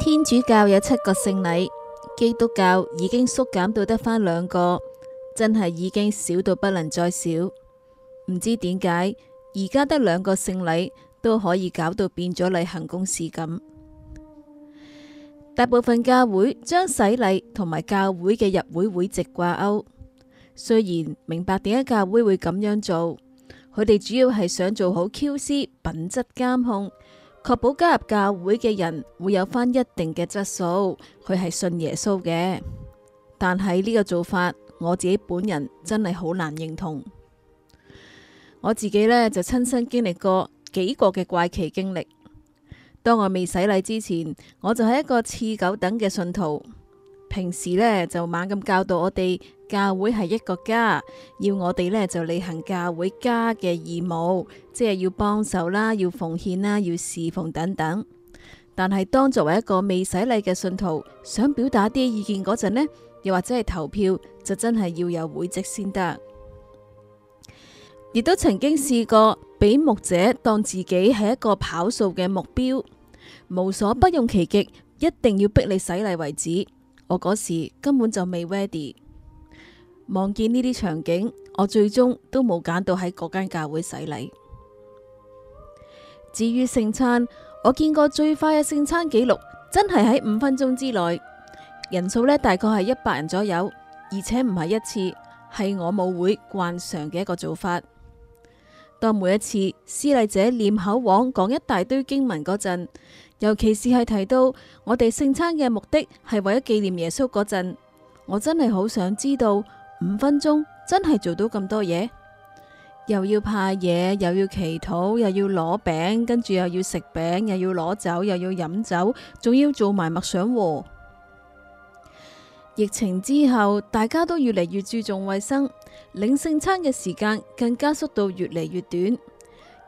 天主教有七個聖禮，基督教已經縮減到得返兩個，真係已經少到不能再少。唔知點解，而家得兩個聖禮都可以搞到變咗例行公事咁。大部分教會將洗禮同埋教會嘅入會會籍掛鈎，雖然明白點解教會會咁樣做，佢哋主要係想做好 QC 品質監控。確保加入教會嘅人會有返一定嘅質素，佢係信耶穌嘅。但係呢個做法，我自己本人真係好難認同。我自己呢，就親身經歷過幾個嘅怪奇經歷。當我未洗禮之前，我就係一個次九等嘅信徒。平時呢，就猛咁教導我哋教會係一個家，要我哋呢，就履行教會家嘅義務，即係要幫手啦，要奉獻啦，要侍奉等等。但係當作為一個未洗禮嘅信徒，想表達啲意見嗰陣呢，又或者係投票，就真係要有會籍先得。亦都曾經試過俾牧者當自己係一個跑數嘅目標，無所不用其極，一定要逼你洗禮為止。我嗰時根本就未 ready，望見呢啲場景，我最終都冇揀到喺嗰間教會洗禮。至於聖餐，我見過最快嘅聖餐紀錄，真係喺五分鐘之內，人數呢，大概係一百人左右，而且唔係一次，係我舞會慣常嘅一個做法。當每一次司禮者念口簧講一大堆經文嗰陣。尤其是係提到我哋聖餐嘅目的係為咗紀念耶穌嗰陣，我真係好想知道五分鐘真係做到咁多嘢？又要派嘢，又要祈禱，又要攞餅，跟住又要食餅，又要攞酒，又要飲酒，仲要做埋默想喎。疫情之後，大家都越嚟越注重衛生，領聖餐嘅時間更加縮到越嚟越短。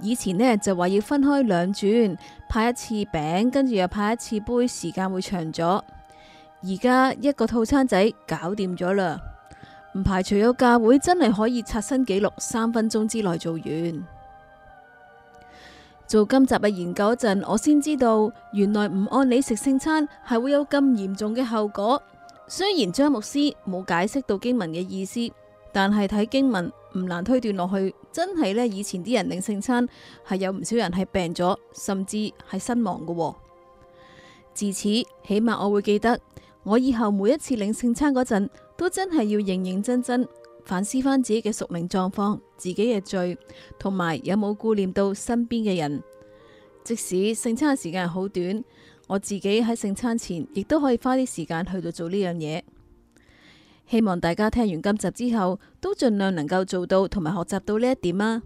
以前呢，就話要分開兩轉，派一次餅，跟住又派一次杯，時間會長咗。而家一個套餐仔搞掂咗啦，唔排除有教會真係可以刷新紀錄，三分鐘之內做完。做今集嘅研究嗰陣，我先知道原來唔按理食聖餐係會有咁嚴重嘅後果。雖然張牧師冇解釋到經文嘅意思。但係睇經文唔難推斷落去，真係呢，以前啲人領聖餐係有唔少人係病咗，甚至係身亡嘅。自此，起碼我會記得，我以後每一次領聖餐嗰陣，都真係要認認真真反思翻自己嘅屬靈狀況、自己嘅罪，同埋有冇顧念到身邊嘅人。即使聖餐嘅時間係好短，我自己喺聖餐前亦都可以花啲時間去到做呢樣嘢。希望大家聽完今集之後，都盡量能夠做到同埋學習到呢一點啊！